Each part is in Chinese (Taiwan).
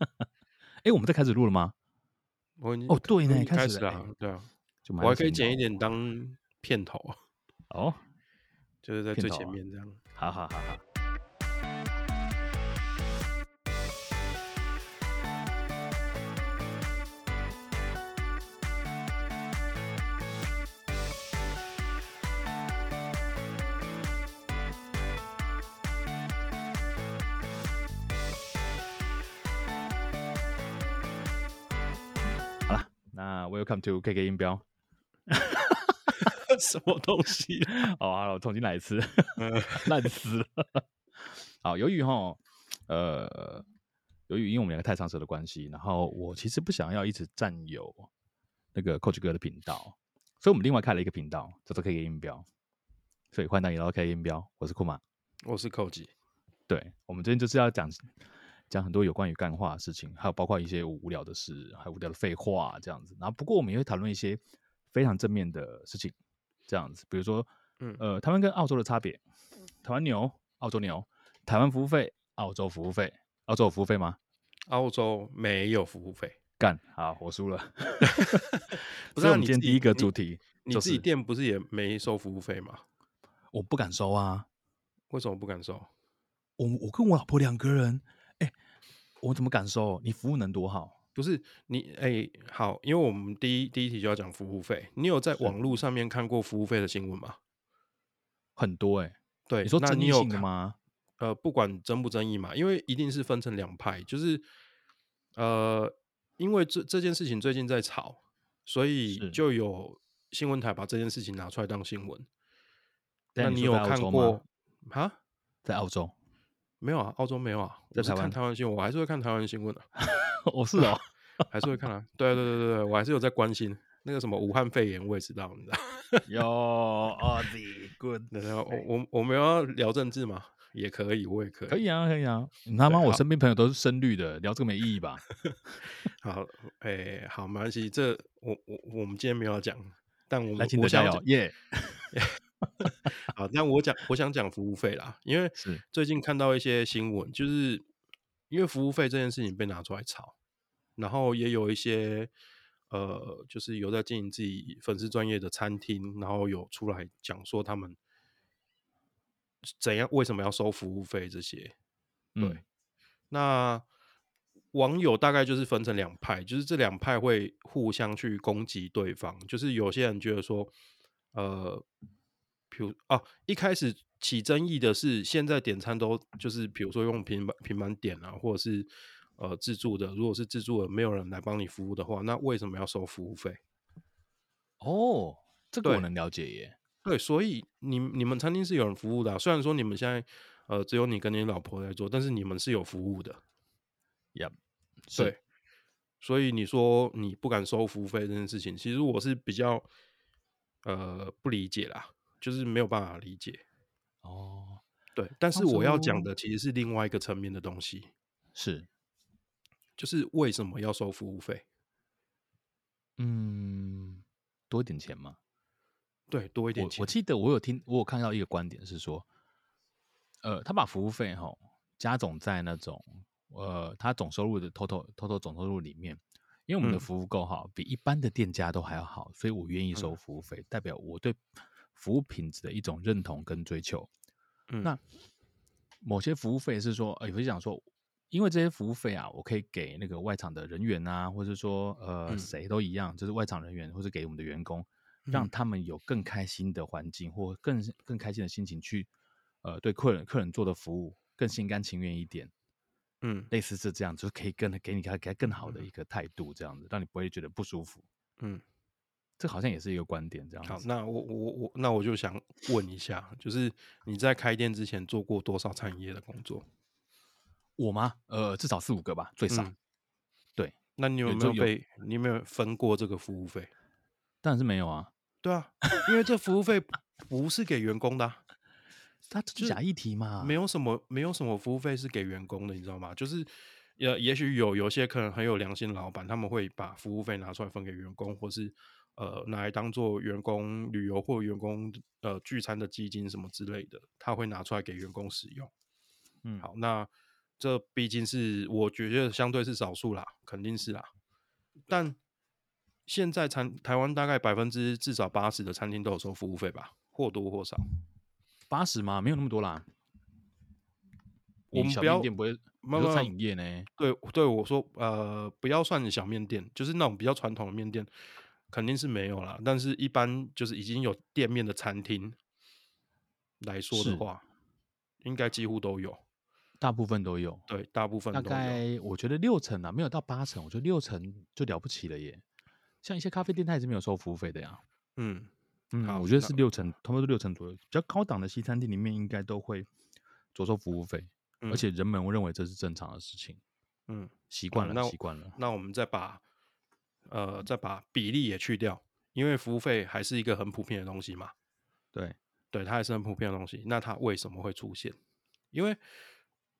哎、 欸，我們在開始錄了嗎？我已經哦，對呢，開始了。開始了欸、對啊，我還可以剪一點當片頭哦，就是在、啊、最前面這樣，好好好好。Come to KK 音標， 什麼東西 好好？好，我重新來一次，爛 死了。 好，由於哈，呃，由於因為我們兩個太長舌的關係，然後我其實不想要一直佔有那個 Coach 哥的頻道，所以我們另外開了一個頻道，叫做 KK 音標。所以歡迎大家來到 KK 音標，我是庫馬，我是 Coach。對，我們今天就是要講。講很多有關於幹話的事情，還有包括一些無聊的事，還有無聊的廢話這樣子。然後不過我們也會討論一些非常正面的事情，這樣子，比如說，嗯，呃，台灣跟澳洲的差別，台灣牛，澳洲牛，台灣服務費，澳洲服務費，澳洲有服務費嗎？澳洲沒有服務費，幹，啊，我輸了。 不是你 今天第一個主題，就是你，你自己店不是也沒收服務費嗎？我不敢收啊，為什麼不敢收？我我跟我老婆兩個人。我怎麼感受？你服務能多好？不、就是你哎、欸，好，因為我們第一第一題就要講服務費。你有在網絡上面看過服務費的新聞嗎？很多哎、欸，對，你說爭議性的嗎有？呃，不管爭不爭議嘛，因為一定是分成兩派，就是呃，因為這這件事情最近在炒，所以就有新聞台把這件事情拿出來當新聞。但你，你有看過哈，在澳洲。沒有啊，澳洲沒有啊，在台灣。台灣新聞，我還是會看台灣新聞的、啊。 我是哦、喔，還是會看啊。對對對對，對我還是有在關心那個什麼武漢肺炎，我也知道，你知道，有 good。我我我們要聊政治嗎？也可以，我也可以。可以啊，可以啊。你他媽，我身邊朋友都是深綠的，聊這個沒意義吧？ 好，誒、欸，好沒關係，這我我我們今天沒有要講，但我們來聽我講。耶、yeah. yeah.。 好，那我講，我想講服務費啦，因為最近看到一些新聞，就是因為服務費這件事情被拿出來炒，然後也有一些呃，就是有在經營自己粉絲專業的餐廳，然後有出來講說他們怎樣、為什麼要收服務費這些。對，嗯、那網友大概就是分成兩派，就是這兩派會互相去攻擊對方，就是有些人覺得說，呃。比如哦、啊，一開始起爭議的是，現在點餐都就是，比如說用平板平板點啊，或者是呃自助的。如果是自助的，沒有人來幫你服務的話，那為什麼要收服務費？哦、oh，這個我能了解耶。對，所以你你們餐廳是有人服務的，啊，雖然說你們現在呃只有你跟你老婆在做，但是你們是有服務的。y、yep, 對。所以你說你不敢收服務費這件事情，其實我是比較呃不理解啦。就是沒有辦法理解，哦，對，但是我要講的其實是另外一個層面的東西，是，就是為什麼要收服務費？嗯，多一點錢嗎？對，多一點錢。我記得我有聽，我有看到一個觀點是說，呃，他把服務費吼加總在那種呃他總收入的 total total 總收入裡面，因為我們的服務夠好，比一般的店家都還要好，所以我願意收服務費，代表我對。服務品質的一種認同跟追求，嗯、那某些服務費是說，呃、欸，不是講說，因為這些服務費啊，我可以給那個外場的人員啊，或者說，呃，誰、嗯、都一樣，就是外場人員，或者給我們的員工，讓他們有更開心的環境，或更更開心的心情去，呃，對客人客人做的服務更心甘情願一點，嗯，類似是這樣，就是可以更給你給給更好的一個態度，這樣子，讓你不會覺得不舒服，嗯。這好像也是一個觀點，這樣好，那我我我那我就想問一下，就是你在開店之前做過多少餐飲業的工作？我嗎？呃，至少四五個吧，最少。嗯、對。那你有沒有被有你有沒有分過這個服務費？當然是沒有啊。對啊，因為這服務費不是給員工的。啊。 就是假議題嘛？沒有什麼，沒有什麼服務費是給員工的，你知道嗎？就是也也許有有些可能很有良心的老闆，他們會把服務費拿出來分給員工，或是。呃，拿來當做員工旅遊或員工呃聚餐的基金什麼之類的，他會拿出來給員工使用。嗯，好，那這畢竟是我覺得相對是少數啦，肯定是啦。但現在餐台灣大概百分之至少八十的餐廳都有收服務費吧，或多或少。八十嗎？沒有那麼多啦。我們要小面店不會，慢慢餐飲業呢。對，對，我說呃，不要算小面店，就是那種比較傳統的麵店。肯定是沒有啦，但是一般就是已經有店面的餐廳來說的話，應該幾乎都有，大部分都有。對，大部分都有。大概我覺得六成啊，沒有到八成，我覺得六成就了不起了耶。像一些咖啡店，它也是沒有收服務費的呀。嗯嗯，我覺得是六成，差不多六成左右。比較高檔的西餐廳裡面應該都會著收服務費，嗯，而且人們我認為這是正常的事情。嗯，習慣了，習、嗯、慣了，了。那我們再把。呃，再把比例也去掉，因為服務費還是一個很普遍的東西嘛。對，對，它還是很普遍的東西。那它為什麼會出現？因為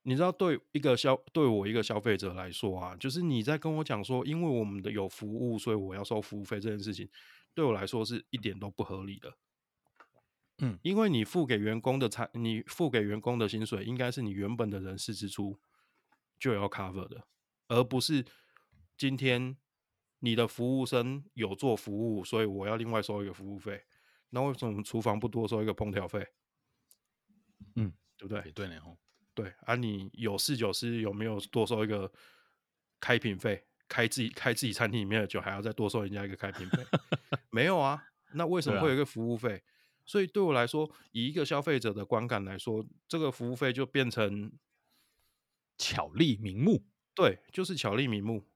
你知道，對一個消對我一個消費者來說啊，就是你在跟我講說，因為我們的有服務，所以我要收服務費這件事情，對我來說是一點都不合理的。嗯，因為你付給員工的差，你付給員工的薪水，應該是你原本的人事支出就要 cover 的，而不是今天，你的服務生有做服務，所以我要另外收一個服務費。那為什麼我們廚房不多收一個烹調費？嗯，對不對？對，然後、哦、對，而、啊、你有侍酒師，有沒有多收一個開瓶費？開自己開自己餐廳裡面的酒，還要再多收人家一個開瓶費？ 沒有啊。那為什麼會有一個服務費、啊？所以對我來說，以一個消費者的觀感來說，這個服務費就變成巧立名目。對，就是巧立名目。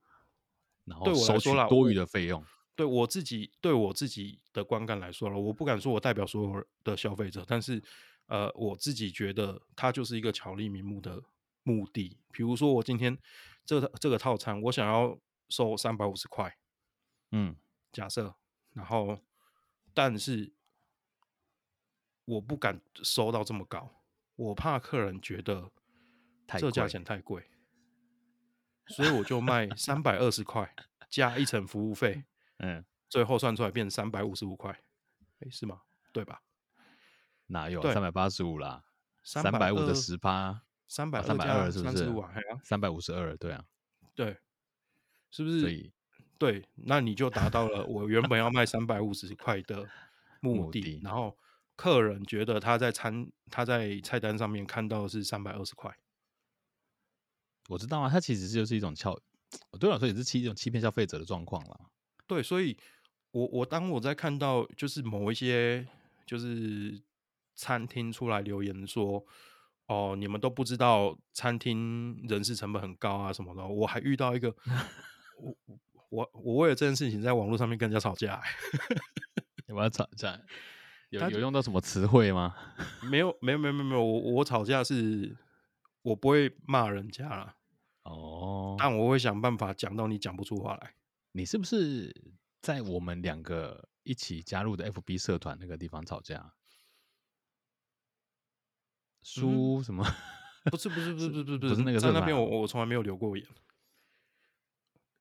對我來說了，多餘的費用對。對我自己，對我自己的觀感來說了，我不敢說我代表所有的消費者，但是，呃，我自己覺得它就是一個巧立名目的目的。比如說，我今天這這個套餐，我想要收三百五十塊，嗯，假設，然後，但是我不敢收到這麼高，我怕客人覺得這價錢太貴。太貴。 所以我就賣三百二十塊，加一層服務費，嗯，最後算出來變成三百五十五塊，欸，是嗎？對吧？哪有三百八十五啦？三百五的十八，三百二是不是？三百五十二，對啊, 352，對啊。對，是不是？所以對，那你就達到了我原本要賣三百五十塊的目的， 目的，然後客人覺得他在餐他在菜單上面看到的是三百二十塊。我知道啊，它其實就是一種敲，我對我來說也是欺一種欺騙消費者的狀況了。對，所以我，我我當我在看到就是某一些就是餐廳出來留言說，哦、呃，你們都不知道餐廳人事成本很高啊什麼的，我還遇到一個， 我我我為了這件事情在網絡上面跟人家吵架 有沒有吵，有，你們要吵架？有有用到什麼詞彙嗎？ 沒有，沒有，沒有，沒有，我我吵架是。我不會罵人家啦，哦，但我會想辦法講到你講不出話來。你是不是在我們兩個一起加入的 FB 社團那個地方吵架？輸、嗯、什麼？不是不是不是不是不是不是，不是那個是那，那邊我我從來沒有留過言。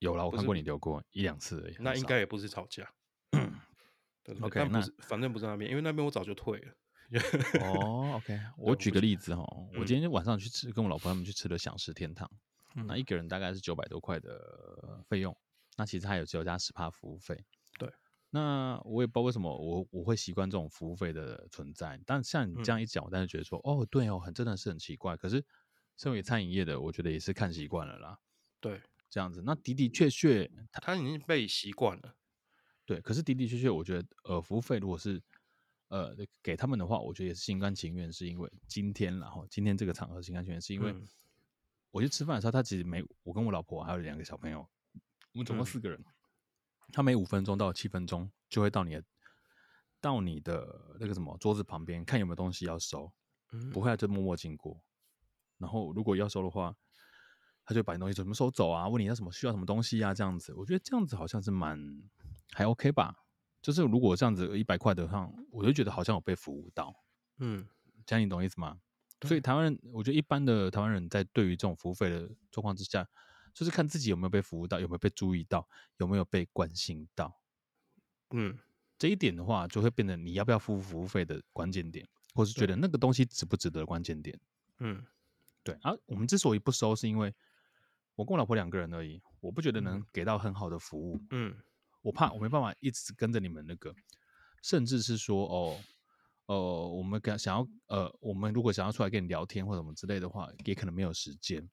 有了，我看過你留過一兩次而已。那應該也不是吵架。 對對 OK，是那是反正不是那邊，因為那邊我早就退了。哦、 oh，OK，我舉個例子哈，我今天晚上去吃，跟我老婆他們去吃的饗食天堂。那、嗯、一個人大概是九百多塊的費用，那其實還有只有加十趴服務費。對，那我也不知道為什麼我我會習慣這種服務費的存在，但像你這樣一講、嗯，我倒是覺得說，哦，對哦，很真的是很奇怪。可是身為餐飲業的，我覺得也是看習慣了啦。對，這樣子，那的的確確，他他已經被習慣了。對，可是的的確確，我覺得呃，服務費如果是。呃，給他們的話，我覺得也是心甘情願，是因為今天，然後今天這個場合心甘情願，是因為我去吃飯的時候，他其實沒我跟我老婆還有兩個小朋友，我們總共四個人，嗯。他每五分鐘到七分鐘就會到你的到你的那個什麼桌子旁邊，看有沒有東西要收，嗯、不會在這、啊、默默經過。然後如果要收的話，他就把你東西怎麼收走啊？問你要什麼需要什麼東西啊，這樣子，我覺得這樣子好像是蠻還 OK 吧。就是如果這樣子一百塊的話，我就覺得好像有被服務到。嗯，這樣你懂意思嗎？所以台灣人，我覺得一般的台灣人在對於這種服務費的狀況之下，就是看自己有沒有被服務到，有沒有被注意到，有沒有被關心到。嗯，這一點的話，就會變成你要不要付服務費的關鍵點，或是覺得那個東西值不值得的關鍵點。嗯，對。啊，我們之所以不收，是因為我跟我老婆兩個人而已，我不覺得能給到很好的服務。嗯。我怕我沒辦法一直跟着你們那個，甚至是說哦呃，我們跟想要呃，我們如果想要出來跟你聊天或什麼之類的話，也可能沒有時間，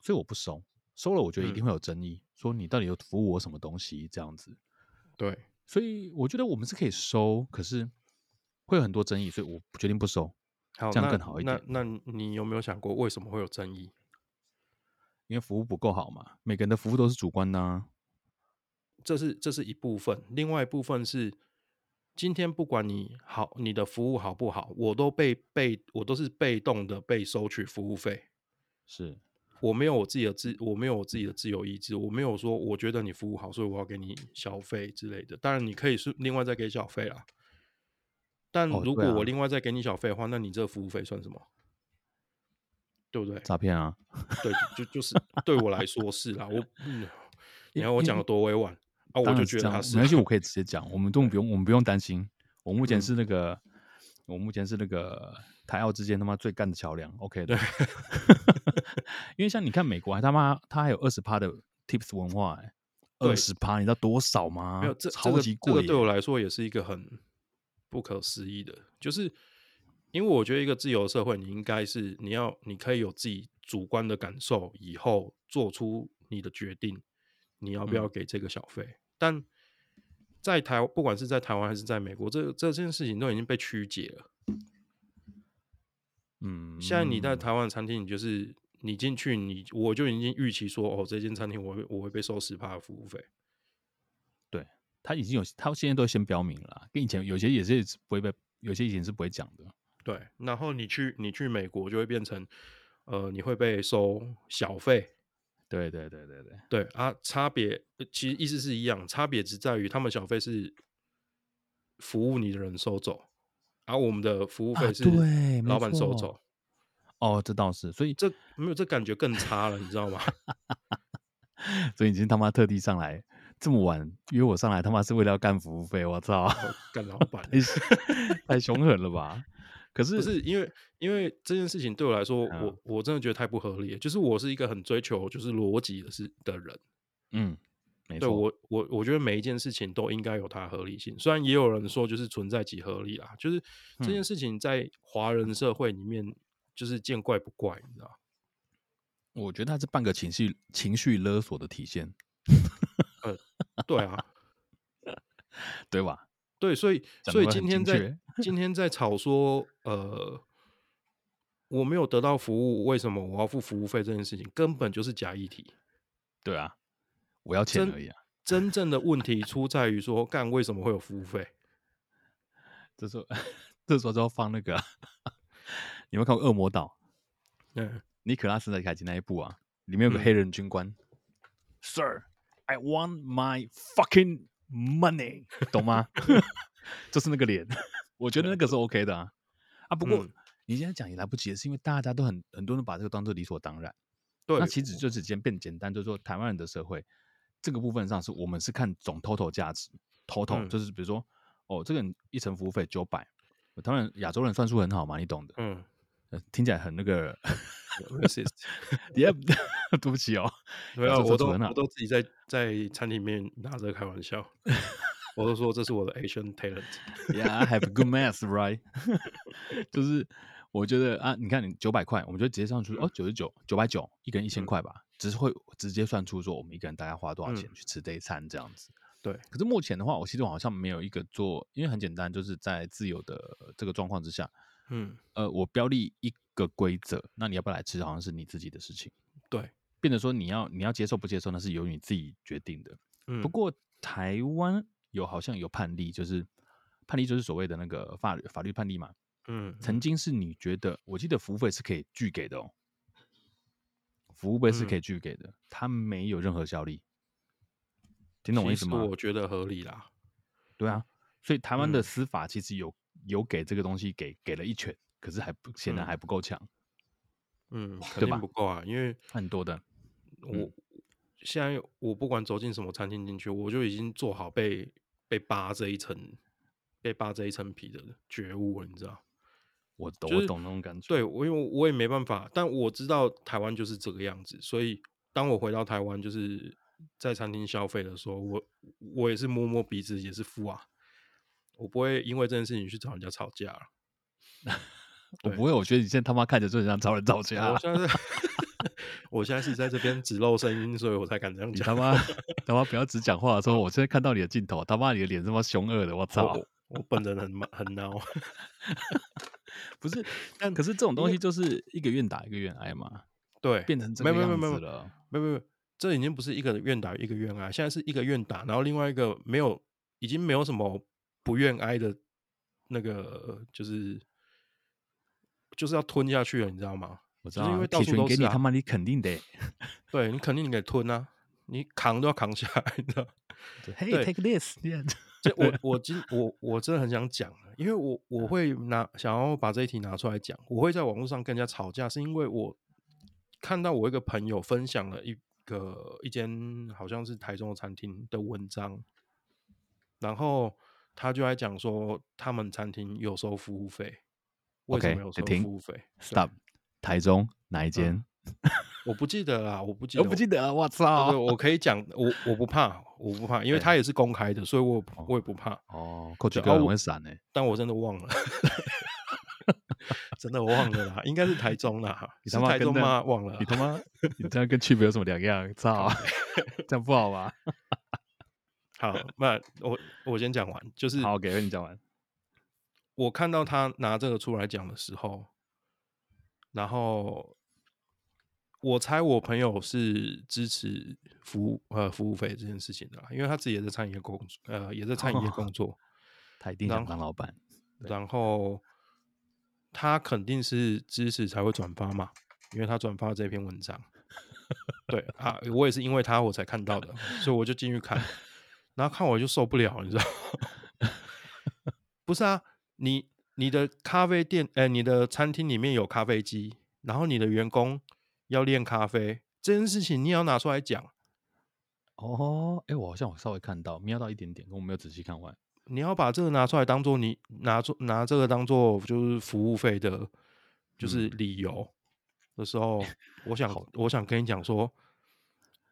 所以我不收，收了我覺得一定會有爭議，嗯、說你到底有服務我什麼東西這樣子，對，所以我覺得我們是可以收，可是會有很多爭議，所以我決定不收，這樣更好一點那那。那你有沒有想過為什麼會有爭議？因為服務不夠好嘛，每個人的服務都是主觀的，啊。這是這是一部分，另外一部分是今天不管你好，你的服務好不好，我都被被我都是被動的被收取服務費，是我沒有我自己的自，我沒有我自己的自由意志，我沒有說我覺得你服務好，所以我要給你小費之類的。當然你可以是另外再給小費啦。但如果我另外再給你小費的話，哦啊、那你這個服務費算什麼？對不對？詐騙啊！對，就就，就是對我來說是啦， 我、嗯、你看我講的多委婉。啊，我就覺得沒關係，我可以直接講，我們都不用，我們不用擔心。我目前是那個，嗯、我目前是那個台澳之間他媽最幹的橋樑。OK 的，對。 因為像你看，美國還他媽他還有二十趴的 tips 文化，哎，二十趴，你知道多少嗎？沒有，這超級貴、這個。這個對我來說也是一個很不可思議的，就是因為我覺得一個自由的社會，你應該是你要你可以有自己主觀的感受，以後做出你的決定，你要不要給這個小費？嗯但在台，不管是在台灣還是在美國，這這件事情都已經被曲解了。嗯，現在你在台灣餐廳，你就是你進去，你我就已經預期說，哦，這間餐廳我會我會被收十趴服務費。對，他已經有，他現在都先標明了，以前有些也是不會被，有些以前是不會講的。對，然後你去你去美國就會變成，呃，你會被收小費。對對對對對對，對啊！差別其實意思是一樣，差別只在於他們小費是服務你的人收走，而、啊、我們的服務費是老板收走、啊哦。哦，這倒是，所以，所以這沒有這感覺更差了， 你知道嗎？所以你今天他媽特地上來這麼晚約我上來，他媽是為了要幹服務費？我操，幹、哦、老闆 太凶狠了吧！ 可是是，是因為，因為這件事情對我來說，啊、我我真的覺得太不合理了，就是我是一個很追求就是邏輯的是的人，嗯，沒錯。我我我覺得每一件事情都應該有它的合理性。雖然也有人說就是存在即合理啦，就是這件事情在華人社會裡面就是見怪不怪，你知道、嗯、我覺得它是半個情緒情緒勒索的體現。嗯、 呃，對啊， 對吧？對，所以所以今天在 今天在吵說，呃，我沒有得到服務，為什麼我要付服務費？這件事情根本就是假議題。對啊，我要錢而已啊。真，真正的問題出在於說， 幹為什麼會有服務費？ 這時候，這時候就要放那個、啊，有 沒有看過《惡魔島》？嗯，尼可拉斯·凱吉那一部啊，裡面有個黑人軍官、嗯、，Sir，I want my fucking。Money 懂嗎？ 就是那個臉，我覺得那個是 OK 的啊。對對對啊，不過、嗯、你現在講也來不及，是因為大家都很很多人把這個當做理所當然。對，那其實就直接變簡單，就是說台灣人的社會這個部分上，是我們是看總 total 價值 total，、嗯、就是比如說哦，這個人一成服務費九百，當然亞洲人算數很好嘛，你懂的，嗯。聽起來很那個 對不起哦、啊， 我，都 我都自己在在餐廳裡面拿着開玩笑， 我都說這是我的 Asian talent，Yeah，I have a good math, right？ 就是我覺得啊，你看你九百塊，我們就直接算出哦，九十九，九百九，一個人一千塊吧，只是會直接算出說我們一個人大概花多少錢去吃這一餐這樣子、嗯。對，可是目前的話，我其實好像沒有一個做，因為很簡單，就是在自由的這個狀況之下。嗯，呃，我標立一個規則，那你要不要來吃，好像是你自己的事情。對，變成說，你要你要接受不接受，那是由你自己決定的。嗯，不過台灣有好像有判例，就是判例就是所謂的那個法法律判例嘛。嗯，曾經是你覺得，我記得服務費是可以拒給的哦，服務費是可以拒給的，嗯，它沒有任何效力。聽懂我意思嗎？我覺得合理啦。對啊，所以台灣的司法其實有。嗯有給這個東西給給了一拳，可是還不，現在還不夠強。嗯，肯定不夠啊！因為很多的，我現在我不管走進什麼餐廳進去，我就已經做好被被扒這一層被扒這一層皮的覺悟了，你知道？我懂，就是，我懂那種感覺。對，我因為我也沒辦法，但我知道台灣就是這個樣子，所以當我回到台灣就是在餐廳消費的時候，我我也是摸摸鼻子，也是付啊。我不會因為這件事情去找人家吵架。 我不會，我覺得你現在他媽看着就很像找人吵架。我現在是 我現在是在這邊只錄聲音，所以我才敢這樣講。你他媽 他媽不要只講話說，我現在看到你的鏡頭，他媽你的臉這麼凶惡的，我操！我本人很滿 很惱鬧笑。不是但，但可是這種東西就是一個願打一個願挨嘛。 對，變成這樣沒有沒有沒有沒有沒有，這已經不是一個願打一個願挨，現在是一個願打，然後另外一個沒有，已經沒有什麼。不願挨的，那個就是就是要吞下去了，你知道嗎？我知道、啊，就是、因為到處都是、啊、給你，他媽你肯定得、欸， 對你肯定得吞啊，你扛都要扛下來，你知道？Hey，take this。這我我其實我我真的很想講， 因為我我會拿想要把這一題拿出來講，我會在網絡上跟人家吵架，是因為我看到我一個朋友分享了一個一間好像是台中的餐廳的文章，然後。他就在講說，他們餐廳有收服務費，為什麼有收服務費？Stop，、okay, 台中哪一間、嗯？我不記得啦，我不記得，得我不記得了，我操對不對！我可以講，我我不怕，我不怕，因為他也是公開的，所以我、哦、我也不怕。哦，過去哥我很閃哎，但我真的忘了， 真的我忘了啦，應該是台中啦，你他媽跟忘了，你他媽,你,他媽 你這樣跟區別有什麼兩樣？操、啊， 這樣不好吧？ 好，那我我先講完，就是好，給、okay, 你講完。我看到他拿這個出來講的時候，然後我猜我朋友是支持服務呃服務費這件事情的啦，因為他自己也在餐飲業工作呃也在餐飲業工作、哦，他一定想當老板。然後他肯定是支持才會轉發嘛，因為他轉發這篇文章。 對啊，我也是因為他我才看到的， 所以我就進去看。然後看我就受不了，你知道？ 不是啊，你你的咖啡店，哎、欸，你的餐廳裡面有咖啡機，然後你的員工要練咖啡這件事情，你也要拿出來講。哦，哎、欸，我好像我稍微看到瞄到一點點，我沒有仔細看完。你要把這個拿出來當做你拿出拿這個當做就是服務費的，就是理由的時候，嗯、 好，我想我想跟你講說，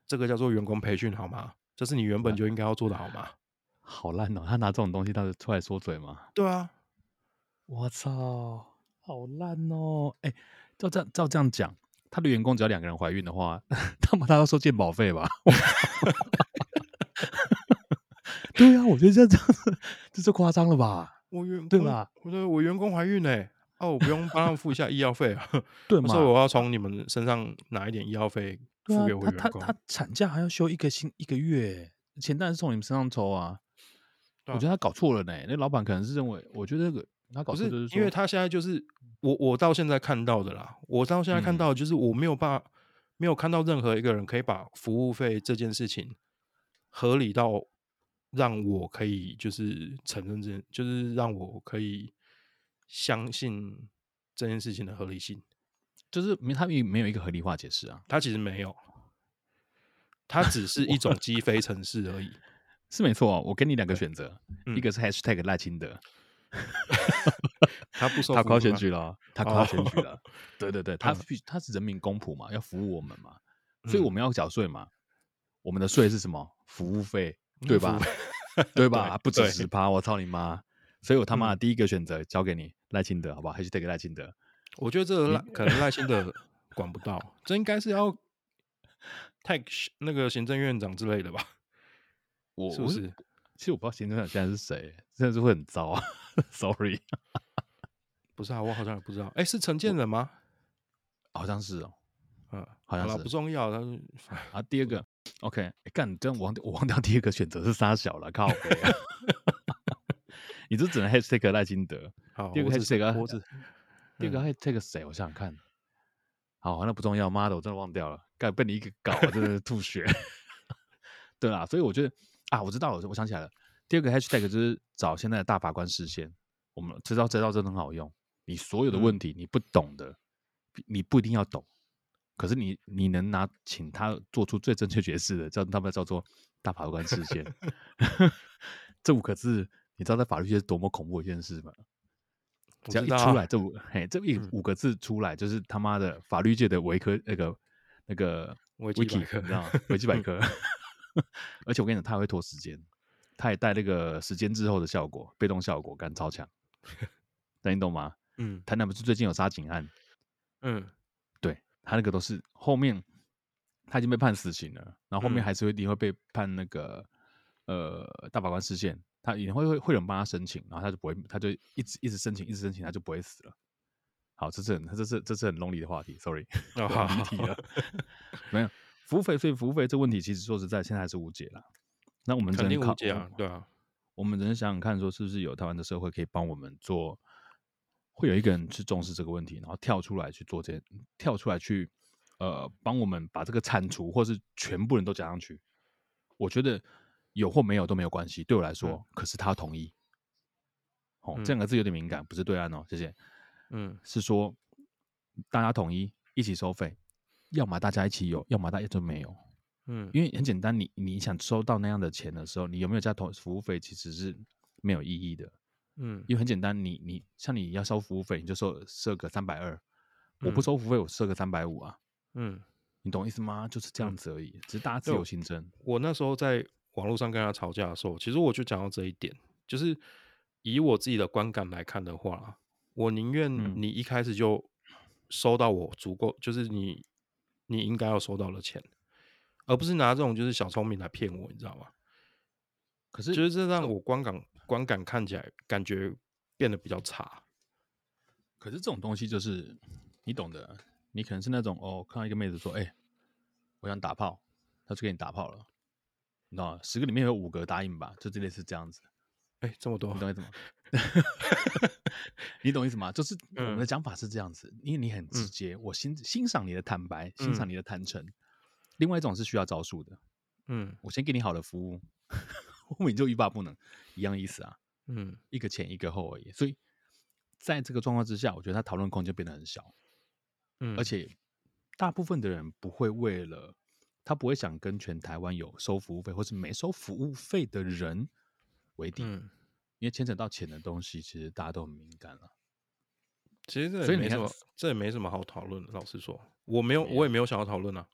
這個叫做員工培訓，好嗎？就是你原本就應該要做的好嗎？嗯、好爛哦、喔！他拿這種東西，他就出來說嘴嗎？對啊！我操，好爛哦、喔！哎、欸，照這樣照這樣講，他的員工只要兩個人懷孕的話，他把他要收健保費吧？ 對啊，我覺得這樣子這是誇張了吧？我員，對吧？我的我員工懷孕嘞、欸，哦，我不用幫他們付一下醫藥費啊？ 對嗎？所以我要從你們身上拿一點醫藥費。對、啊、他他他產假還要休一個星一個月、欸，錢當然是從你們身上抽啊。啊我覺得他搞錯了呢、欸，那老闆可能是認為，我覺得這個他搞錯，了，因為他現在就是我我到現在看到的啦，我到現在看到的就是我沒有把、嗯、沒有看到任何一個人可以把服務費這件事情合理到讓我可以就是承認這件，就是讓我可以相信這件事情的合理性。就是沒，他們沒有一個合理化解釋啊。他其實沒有，他只是一種擊飛程式而已， 是沒錯。我給你兩個選擇，一個是 #Hashtag 賴清德，嗯、清德 他不收，他跨選舉了，哦、他跨選舉了。 對對對，他必他是人民公僕嘛，要服務我們嘛，嗯、所以我們要繳稅嘛。我們的稅是什麼？服務費對、嗯、 對吧？對吧？不止十趴，我操你媽！所以我他媽第一個選擇交給你賴清德，好不好？#Hashtag 賴清德。我覺得這個可能賴清德管不到， 這應該是要 tag 那個行政院長之類的吧？我是不是？其實我不知道行政院長現在是誰，現在是會很糟啊 ！Sorry，不是啊，我好像也不知道。哎，是陳建仁嗎？好像是哦，嗯，好像是。不重要。啊， 第二個 OK，哎，幹，真忘我，我忘掉第二個選擇是殺小了， 靠我！ 你這只能 hashtag 賴清德。好，第二個 h a s 第二個 hashtag 誰？我想想看，好，哦，那不重要。媽的，我真的忘掉了，剛才被你一個搞，真的是吐血。 對啊，所以我覺得啊，我知道了，我想起來了。第二個 hashtag 就是找現在的大法官事先，我們這招，這招真的很好用。你所有的問題，你不懂的、嗯，你不一定要懂，可是你你能拿請他做出最正確解釋的，叫他們叫做大法官事先。 這五個字，你知道在法律界是多麼恐怖一件事嗎？只要一出來，啊、這五嘿，這一五個字出來、嗯、就是他媽的法律界的維科，那個那個維基百科，你知道嗎？維基百科。嗯、 而且我跟你講，他還會拖時間，他也帶那個時間滯後的效果，被動效果感超強。那、嗯、你懂嗎？嗯，他那不是最近有殺警案？嗯，對他那個都是後面他已經被判死刑了，然後後面還是會定、嗯、會被判那個呃大法官釋憲。他也會會有人幫他申請，然後他就不會，他就一直一直申請，一直申請，他就不會死了。好，這是很，這是這是很 lonely 的話題，sorry，話、哦、 題啊，好好 沒有，服務費，所以服務費這問題，其實說實在，現在還是無解了。那我們只能考肯定無解啊，對啊，哦、我們只能想想看，說是不是有台灣的社會可以幫我們做，會有一個人去重視這個問題，然後跳出來去做這些，跳出來去，呃，幫我們把這個鏟除，或是全部人都加上去。我覺得。有或沒有都沒有關係，對我來說，嗯、可是他統一哦，嗯、這兩個字有點敏感，不是對岸哦，謝謝，嗯，是說大家統一一起收費，要麼大家一起有，要麼大家就沒有，嗯，因為很簡單，你你想收到那樣的錢的時候，你有沒有加服務費其實是沒有意義的，嗯，因為很簡單，你你像你要收服務費，你就收設個三百二，我不收服務費，我設個三百五啊，嗯，你懂意思嗎？就是這樣子而已，嗯、只是大家自由競爭。我那時候在。網絡上跟他吵架的時候，其實我就講到這一點，就是以我自己的觀感來看的話，我寧願你一開始就收到我足夠、嗯，就是你你應該要收到的錢，而不是拿這種就是小聰明來騙我，你知道嗎？可是就是這讓我觀感觀感看起來感覺變得比較差。可是這種東西就是你懂的，你可能是那種哦，看到一個妹子說哎、欸，我想打炮，他就給你打炮了。那十個裡面有五個答應吧，就這類似這樣子。誒、欸、這麼多，你懂意思嗎？ 你懂意思嗎？就是我們的講法是這樣子，嗯，因為你很直接，嗯、我欣欣賞你的坦白，欣賞你的坦誠，嗯。另外一種是需要招數的，嗯，我先給你好的服務，後 面就欲罷不能，一樣意思啊。嗯，一個前一個後而已。所以在這個狀況之下，我覺得他討論空間變得很小。嗯，而且大部分的人不會為了。他不會想跟全台灣有收服務費或是沒收服務費的人為敵，因為牽扯到錢的東西，其實大家都很敏感了20 20、嗯。其實這也沒什麼，這也沒什麼好討論的。老實說，我沒有，我也沒有想要討論啊。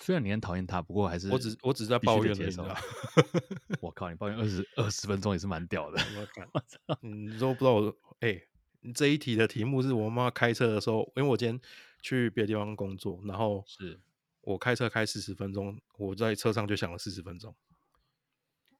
雖然你很討厭他，不過還是我只我只是在抱怨了。 我靠，你抱怨二十二十分鐘也是蠻屌的。你 說、嗯、不知道我哎，你、欸、這一題的題目是我媽開車的時候，因為我今天去別的地方工作，然後是。我開車開四十分鐘，我在車上就想了四十分鐘，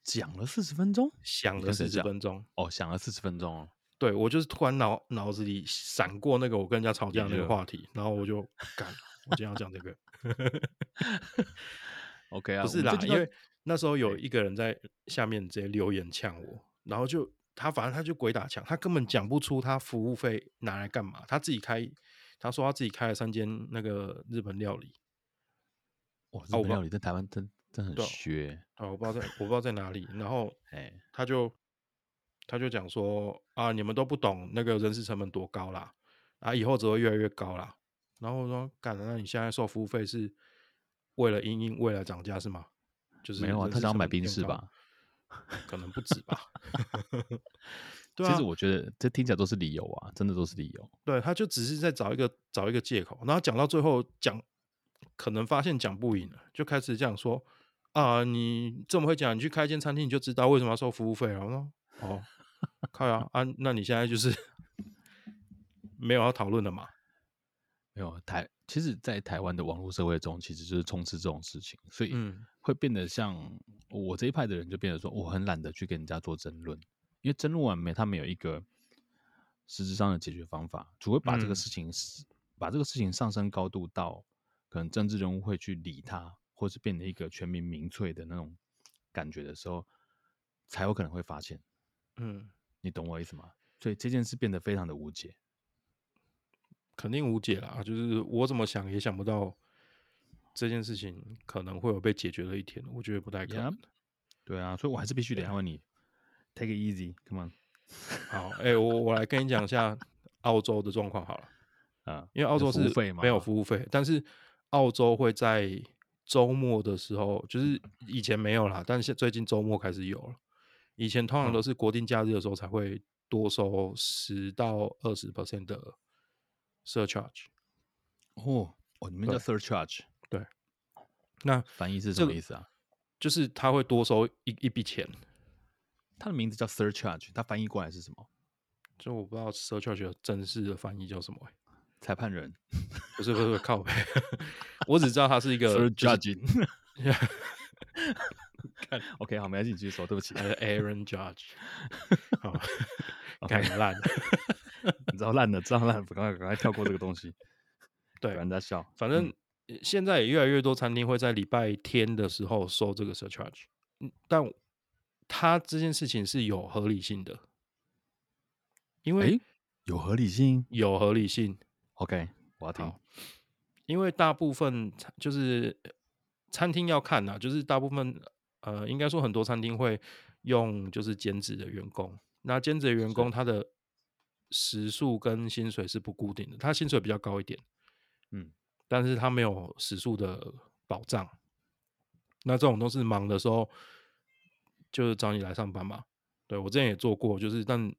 講了四十分鐘，想了四十分鐘，哦，想了四十分鐘哦。想了四十分鐘。對，我就是突然腦腦子裡閃過那個我跟人家吵架的那個話題，yeah, yeah. 然後我就幹，我就要講這個。 OK 啊，不是啦，因為那時候有一個人在下面直接留言嗆我，然後就他反正他就鬼打牆，他根本講不出他服務費拿來幹嘛，他自己開，他說他自己開了三間那個日本料理。哇，這料你在，哦、台灣真真的很削啊！我不知道在我不知道在哪裡。 然後，哎，他就他就講說啊，你們都不懂那個人事成本多高啦，啊，以後只會越來越高啦。然後我說，幹，那你現在收服務費是為了因應為了漲價是嗎？就是沒有啊，他想要買賓士吧、 嗯，可能不止吧。對啊，其實我覺得這聽起來都是理由啊，真的都是理由。對、啊對，他就只是在找一個找一個借口，然後講到最後講。講可能發現講不贏了，就開始這樣說啊！你這麼會講，你去開一間餐廳你就知道為什麼要收服務費了，然後說。哦，開 啊啊！那你現在就是沒有要討論的嘛？沒有台，其實，在台灣的網絡社會中，其實就是充斥這種事情，所以會變得像我這一派的人，就變得說我很懶得去跟人家做爭論，因為爭論完沒，他沒有一個實質上的解決方法，只會把這個事情是、嗯、把這個事情上升高度到。可能政治人物會去理他，或是變成一個全民民粹的那種感覺的時候，才有可能會發現，嗯，你懂我意思嗎？所以這件事變得非常的無解，肯定無解啦。就是我怎麼想也想不到這件事情可能會有被解決的一天，我覺得不太可能。Yeah. 對啊，所以我還是必須得問你、yeah.，Take it easy，Come on。 好，哎、欸，我我來跟你講一下澳洲的狀況好了，啊，因為澳洲是沒有服務費，服務費，但是。澳洲會在周末的時候，就是以前沒有啦，但是最近周末開始有了。以前通常都是國定假日的時候才會多收十到二十 percent 的 surcharge。哦哦，你們叫 surcharge？對，對。那翻譯是什麼意思啊？就是他會多收一一筆錢。他的名字叫 surcharge，他翻譯過來是什麼？就我不知道 surcharge 的正式的翻譯叫什麼、欸。裁判人 不是不是，不是 靠北，我只知道他是一個 judging 看，OK，好，沒關係，繼續說。對不起，他 是 Aaron Judge。 好，看 Okay ,爛 很爛， 你知道爛的這樣爛，不， 剛才趕快跳過這個東西。 對，反正笑，反、嗯、正現在也越來越多餐廳會在禮拜天的時候收這個 surcharge。但他這件事情是有合理性的，因為、欸、有合理性，有合理性。OK，我要聽。因為大部分就是餐廳要看吶、啊，就是大部分呃，應該說很多餐廳會用就是兼職的員工。那兼職的員工他的時數跟薪水是不固定的，他薪水比較高一點，嗯，但是他沒有時數的保障。那這種都是忙的時候就是找你來上班嘛。對，我之前也做過，就是但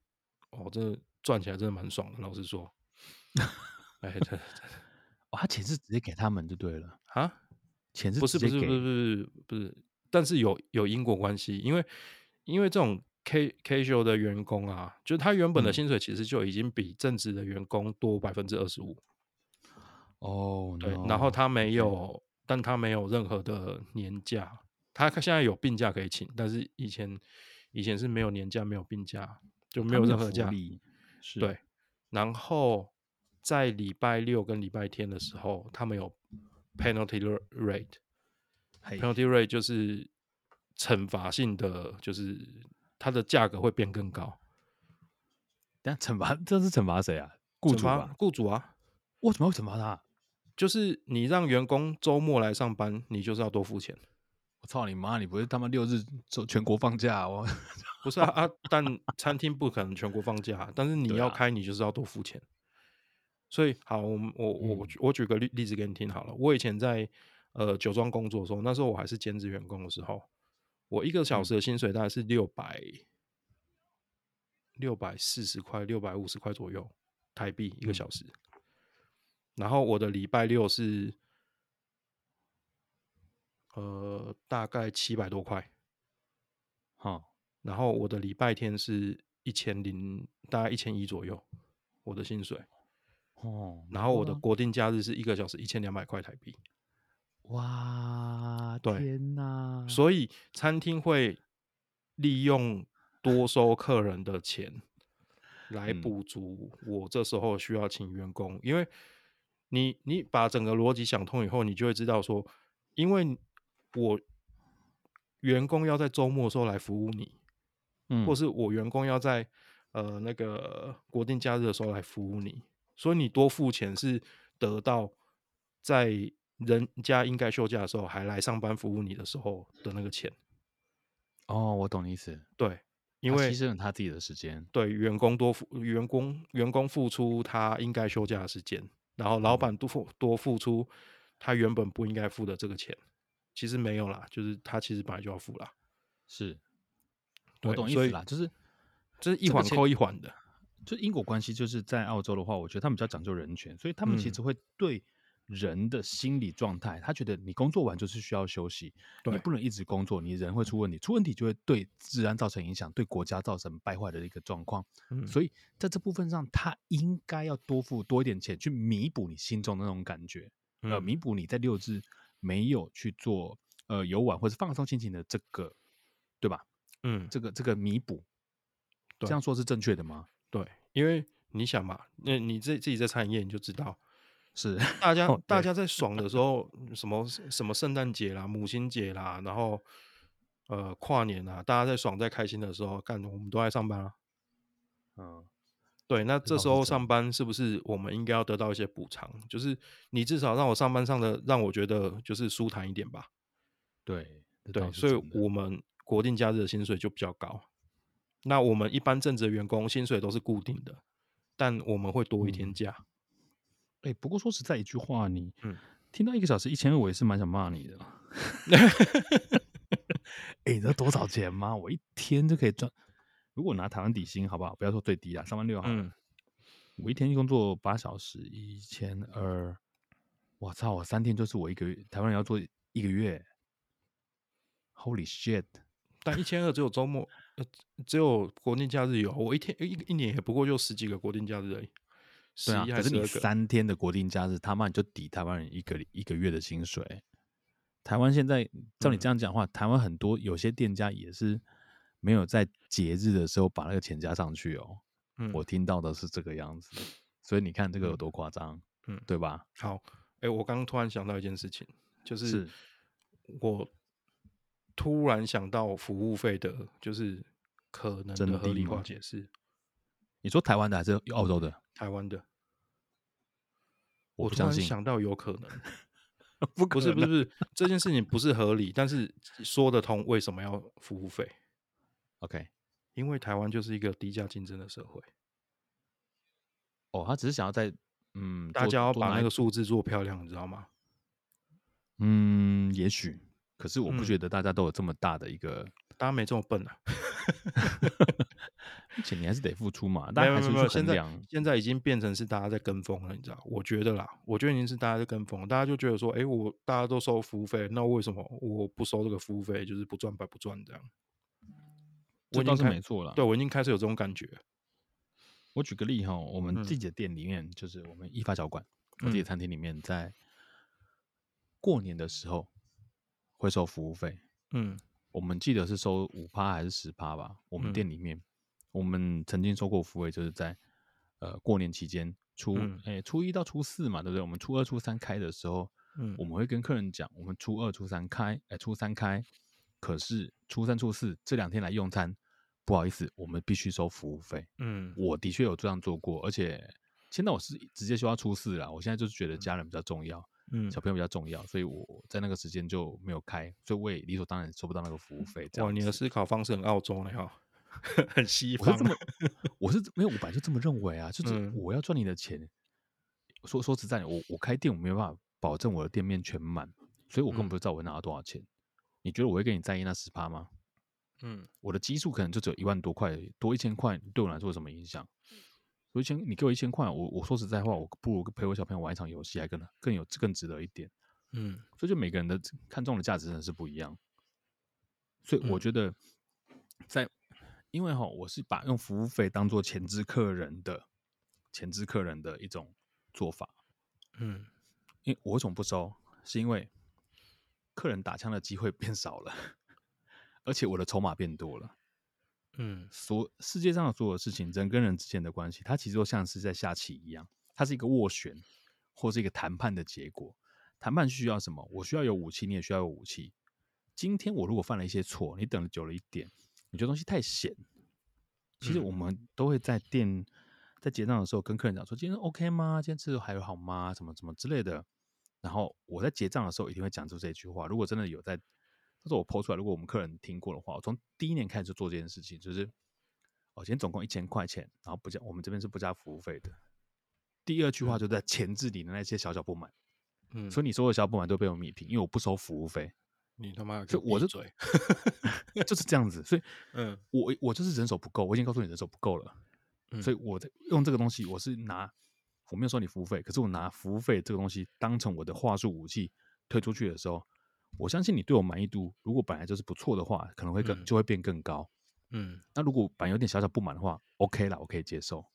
哦，這賺起來真的蠻爽的，老實說。 哎、 哦，對，哇，錢是直接給他們就對了啊？錢是不是不是不是不是，不是但是有有因果關係，因為因為這種 casual 的員工啊，就他原本的薪水其實就已經比正職的員工多百分之二十五。哦，oh, no.，對，然後他沒有，okay. 但他沒有任何的年假，他現在有病假可以請，但是以前以前是沒有年假，沒有病假，就沒有任何假。對，然後。在禮拜六跟禮拜天的時候，他們有 penalty rate，penalty、hey. rate 就是懲罰性的，就是它的價格會變更高。但懲罰，這是懲罰誰啊？僱主，僱主啊！我怎麼懲罰他？就是你讓員工周末來上班，你就是要多付錢。我、oh, 操你媽！你不是他們六日全國放假，啊？哦？ 不是啊啊！但餐廳不可能全國放假，啊， 但是你要開，你就是要多付錢。所以好，我我我我舉個例例子給你聽好了。嗯、我以前在呃酒莊工作的時候，那時候我還是兼職員工的時候，我一個小時的薪水大概是六百六百四十塊、六百五十塊左右台幣一個小時。然後我的禮拜六是呃大概七百多塊，好，然後我的禮拜天是一千零大概一千一左右，我的薪水。哦，然後我的國定假日是一個小時一千兩百塊台幣，哇！天吶。對。所以餐廳會利用多收客人的錢來補足我這時候需要請員工，嗯、因為你你把整個邏輯想通以後，你就會知道說，因為我員工要在周末的時候來服務你，嗯，或是我員工要在呃那個國定假日的時候來服務你。所以你多付錢是得到在人家應該休假的時候還來上班服務你的時候的那個錢。哦，我懂你意思。對，因為犧牲了他自己的時間。對，員工多付員工員工付出他應該休假的時間，然後老闆多付多付出他原本不應該付的這個錢，其實沒有啦，就是他其實本來就要付啦。是，我懂意思啦，就是就是一環扣一環的。就因果關係，就是在澳洲的話，我覺得他們比較講究人權，所以他們其實會對人的心理狀態、嗯，他覺得你工作完就是需要休息，對，你不能一直工作，你人會出問題，出問題就會對治安造成影響，對國家造成敗壞的一個狀況。嗯，所以在這部分上，他應該要多付多一點錢去彌補你心中的那種感覺，嗯、呃，彌補你在六日沒有去做呃遊玩或者放鬆心情的這個，對吧？嗯，這個這個彌補，這樣說是正確的嗎？對，因為你想嘛，那你自己自己在餐飲業你就知道，是大家、哦、大家在爽的時候，什麼什麼聖誕節啦、母親節啦，然後呃跨年啦、啊，大家在爽在開心的時候，幹我們都在上班啊、嗯。對，那這時候上班是不是我們應該要得到一些補償？就是你至少讓我上班上的讓我覺得就是舒坦一點吧。對，對，所以我們國定假日的薪水就比較高。那我們一般正職員工薪水都是固定的，但我們會多一天假。哎、嗯欸，不過說實在一句話，你、嗯、聽到一個小時一千二，1200, 我也是蠻想罵你的。哎 欸，你知道多少錢嗎？ 我一天就可以賺，如果拿台灣底薪好不好？不要說最低啊，三萬六啊！我一天工作八小時，一千二。我操！我三天就是我一個月，台灣人要做一個月。Holy shit！但一千二只有周末。 呃，只有國定假日有，我一天一一年也不過就十幾個國定假日而已，對啊還是啊。可是你三天的國定假日，他媽你就抵台灣人一個一個月的薪水。台灣現在照你這樣講的話，嗯、台灣很多有些店家也是沒有在節日的時候把那個錢加上去。哦、喔。嗯，我聽到的是這個樣子，所以你看這個有多誇張，嗯，對吧？嗯、好，哎、欸，我剛剛突然想到一件事情，就是，是我。突然想到服務費的，就是可能的合理化解釋。你說台灣的還是澳洲的？嗯，台灣的我。我突然想到，有可能。 不可能，不是不是，這件事情不是合理， 但是說得通。為什麼要服務費？OK，因為台灣就是一個低價競爭的社會。哦，他只是想要在嗯，大家要把那個數字做漂亮做，你知道嗎？嗯，也許。可是我不覺得大家都有這麼大的一個、嗯，大家沒這麼笨啊！ 而且你還是得付出嘛。大家還是沒有，是是現在現在已經變成是大家在跟風了，你知道？我覺得啦，我覺得已經是大家在跟風，大家就覺得說，哎、欸，我大家都收服務費，那為什麼我不收這個服務費？就是不賺白不賺這樣。嗯、我倒是沒錯了，對，我已經開始有這種感覺。嗯、我舉個例哈，我們自己的店裡面，嗯、就是我們一發小館，我自己的餐廳裡面，在過年的時候。會收服務費，嗯，我們記得是收五趴還是十趴吧？我們店裡面，嗯，我們曾經收過服務費，就是在呃過年期間，初哎、嗯欸、初一到初四嘛，對不對？我們初二、初三開的時候，嗯，我們會跟客人講，我們初二、初三開，哎、欸，初三開，可是初三、初四這兩天來用餐，不好意思，我們必須收服務費。嗯，我的確有這樣做過，而且現在我是直接需要初四了，我現在就是覺得家人比較重要。嗯嗯、小朋友比較重要，所以我在那個時間就沒有開，所以我也理所當然收不到那個服務費、哦。你的思考方式很澳洲的，很西方。我是這麼，我是沒有，我本來就這麼認為啊。就是我要賺你的錢。嗯、說說實在，我我開店，我沒有辦法保證我的店面全滿，所以我根本不知道我會拿到多少錢。嗯、你覺得我會跟你在意那十趴嗎？嗯，我的基數可能就只有一萬多塊而已，多一千塊對我來說有什麼影響？所以，先你給我一千塊，我我說實在話，我不如陪我小朋友玩一場遊戲，還更更有更值得一點。嗯，所以就每個人的看重的價值真的是不一樣。所以我覺得在，在、嗯、因為哈，我是把用服務費當做前置客人的前置客人的一種做法。嗯，因為我為什麼不收，是因為客人打槍的機會變少了，而且我的籌碼變多了。嗯，所世界上的所有事情，人跟人之間的關係，它其實都像是在下棋一樣，它是一個斡旋，或是一個談判的結果。談判需要什麼？我需要有武器，你也需要有武器。今天我如果犯了一些錯，你等了久了一點，你覺得東西太鹹。其實我們都會在店在結賬的時候跟客人講說，嗯，今天 OK 嗎？今天吃的還有好嗎？什麼什麼之類的。然後我在結賬的時候一定會講出這句話。如果真的有在。這是我 po 出來，如果我們客人聽過的話，我從第一年開始就做這件事情，就是，哦，今天總共一千塊錢，然後不加，我們這邊是不加服務費的。第二句話就在前置裡的那些小小不滿，嗯，所以你所有的小小不滿都被我米平，因為我不收服務費。你他媽就我嘴，我是 就是這樣子，所以，嗯，我我就是人手不夠，我已經告訴你人手不夠了，嗯，所以我在用這個東西，我是拿我沒有收你服務費，可是我拿服務費這個東西當成我的話術武器推出去的時候。我相信你對我滿意度，如果本來就是不錯的話，可能會更、嗯、就會變更高。嗯，那如果本來有點小小不滿的話，OK 啦，我可以接受。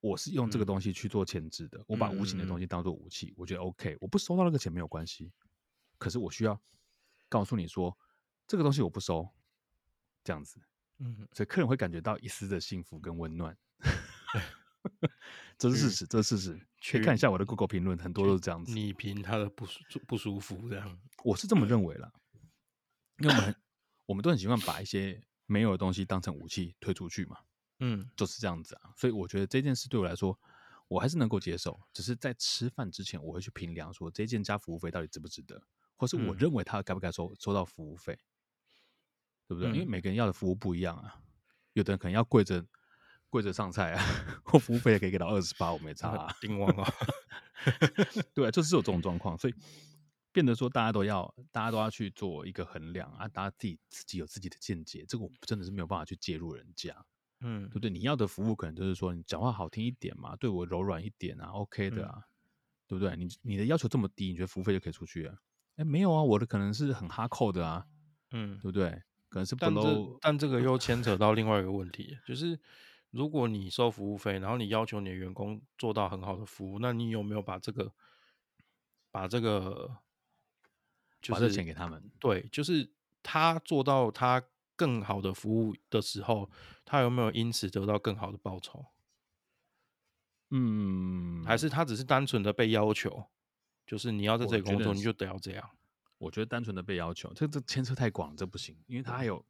我是用這個東西去做牽制的、嗯，我把無形的東西當做武器、嗯，我覺得 OK、嗯。我不收到那個錢沒有關係，可是我需要告訴你說，這個東西我不收，這樣子。嗯，所以客人會感覺到一絲的幸福跟溫暖 這、嗯。這是事實，這是事實。去看一下我的 Google 評論，很多都是這樣子。你評他的不不舒服這樣。我是這麼認為啦，嗯、因為我們 我們都很喜歡把一些沒有的東西當成武器推出去嘛，嗯，就是這樣子啊，所以我覺得這件事對我來說，我還是能夠接受，只是在吃飯之前我會去評量說這件加服務費到底值不值得，或是我認為他該不該收、嗯、收到服務費，對不對、嗯？因為每個人要的服務不一樣啊，有的人可能要跪着跪着上菜啊，或、嗯、 服務費也可以給到二十八，我沒差，叮咣啊， 對啊，就是有這種狀況，所以。變得說大家都要，大家都要去做一個衡量啊！大家自己自己有自己的見解，這個我真的是沒有辦法去介入人家，嗯，對不對？你要的服務可能就是說你講話好聽一點嘛，對我柔軟一點啊，OK 的啊，嗯，對不對？你你的要求這麼低，你覺得服務費就可以出去啊？哎，沒有啊，我的可能是很哈扣的啊，嗯，對不對？可能是但這但這個又牽扯到另外一個問題， 就是如果你收服務費，然後你要求你的員工做到很好的服務，那你有沒有把這個把這個？就是、把這錢給他們。對，就是他做到他更好的服務的時候，他有沒有因此得到更好的報酬？嗯，還是他只是單純的被要求？就是你要在這裡工作，你就得要這樣。我覺得單純的被要求，這這牽扯太廣，這不行，因為他還有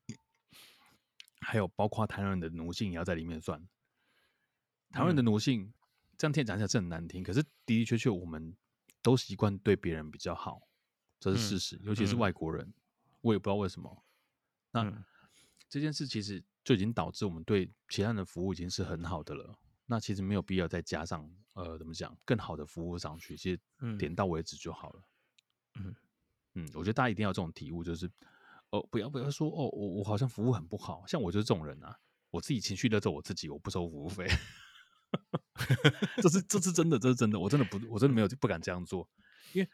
還有包括台灣人的奴性也要在裡面算。台灣人的奴性、嗯，這樣聽起來是很難聽，可是的的確確，我們都習慣對別人比較好。這是事實、嗯，尤其是外國人、嗯，我也不知道為什麼。那、嗯、這件事其實就已經導致我們對其他人的服務已經是很好的了。那其實沒有必要再加上呃，怎麼講，更好的服務上去。其實點到為止就好了。嗯嗯，我覺得大家一定要這種體悟，就是哦，不要不要說哦，我我好像服務很不好。像我就是這種人啊，我自己情緒勒着我自己，我不收服務費。 這是這是真的，這是真的，我真的不，我真的沒有就不敢這樣做，因為。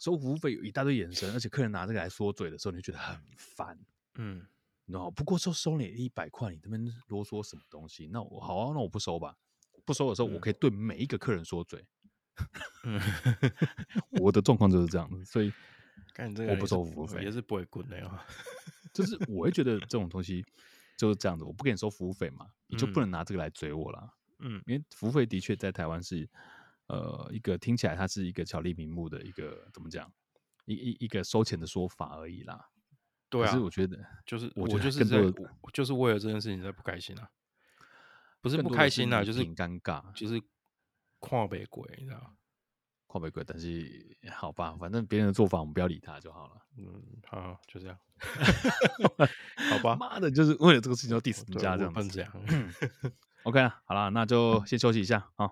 收服務費有一大堆眼神，而且客人拿這個來說嘴的時候，你就覺得很煩。嗯，你知道，不過說收你一百塊，你這邊囉嗦什麼東西？那我好啊，那我不收吧。不收的時候，我可以對每一個客人說嘴。嗯、 我的狀況就是這樣子，所以我不收服務費、這個、也是不會滾的呀。 就是我會覺得這種東西就是這樣子，我不給你收服務費嘛、嗯，你就不能拿這個來嘴我了。嗯，因為服務費的確在台灣是。呃，一個聽起來它是一個巧立名目的一個怎麼講，一一一,一個收錢的說法而已啦。對啊，可是我覺得就是，我覺得我就是就是為了這件事情在不開心啊，不是不開心啊，就是很尷尬，就是跨、就是、北鬼，你知道嗎？跨北鬼，但是好吧，反正別人的做法我們不要理他就好了。嗯，好，好，就這樣。 好吧，媽的，就是為了這個事情就 diss 你們家這樣 OK，好了，那就先休息一下啊。嗯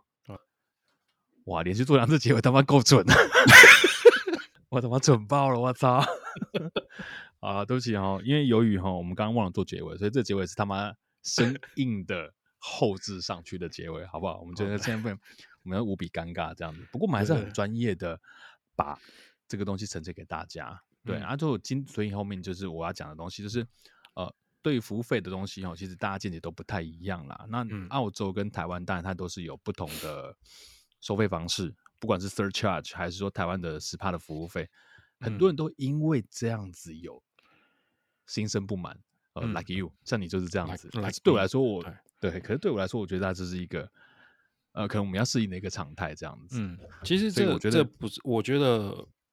哇！連續做兩次結尾，他媽夠準的， 我他媽準爆了！我操！ 啊，對不起哈、哦，因為由於哈，我們剛剛忘了做結尾，所以這結尾是他媽生硬的後置上去的結尾，好不好？ 我，我們覺得這樣不我們要無比尷尬這樣子。Okay. 不過，我們還是很專業的把這個東西呈現給大家。嗯、對啊就，就今所以後面就是我要講的東西，就是呃，對服務費的東西哈、哦，其實大家見解都不太一樣啦。嗯、那澳洲跟台灣，當然它都是有不同的。 收費方式，不管是 surcharge 還是說臺灣的十趴的服務費，很多人都因為這樣子有心生不滿、嗯。呃，like you，像你就是這樣子。嗯、like, like 對我來說我，我對，對，對，對，可是對我來說，我覺得它這是一個，呃，可能我們要適應的一個常態，這樣子、嗯嗯。其實這個，我覺得、這個、不，是，我覺得、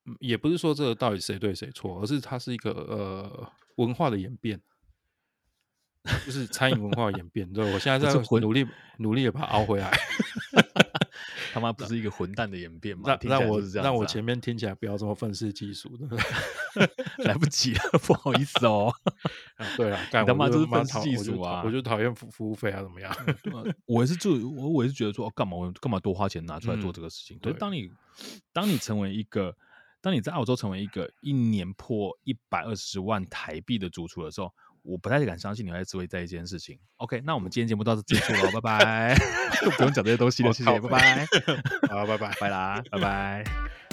嗯、也不是說這個到底誰對誰錯，而是它是一個呃文化的演變， 就是餐飲文化的演變。對，我現在在努力努力的把它拗回來。 他媽，媽不是一個混蛋的演變嗎？讓那我、啊、我前面聽起來不要這麼憤世嫉俗的， 來不及了，不好意思哦。啊對啊，幹嘛媽就是憤世嫉俗啊！我就討厭服服務費啊，怎麼樣？我也是做，我我是覺得說，哦、幹嘛我幹嘛多花錢拿出來做這個事情？嗯、對，對，當你當你成為一個，當你在澳洲成為一個一年破一百二十萬台幣的主廚的時候。我不太敢相信你還會在做這一件事情。OK，那我們今天節目到此結束了， 拜拜， 不用講這些東西了，oh, 謝謝，God. 拜拜，好， 拜拜，拜啦，拜拜。 拜拜 拜拜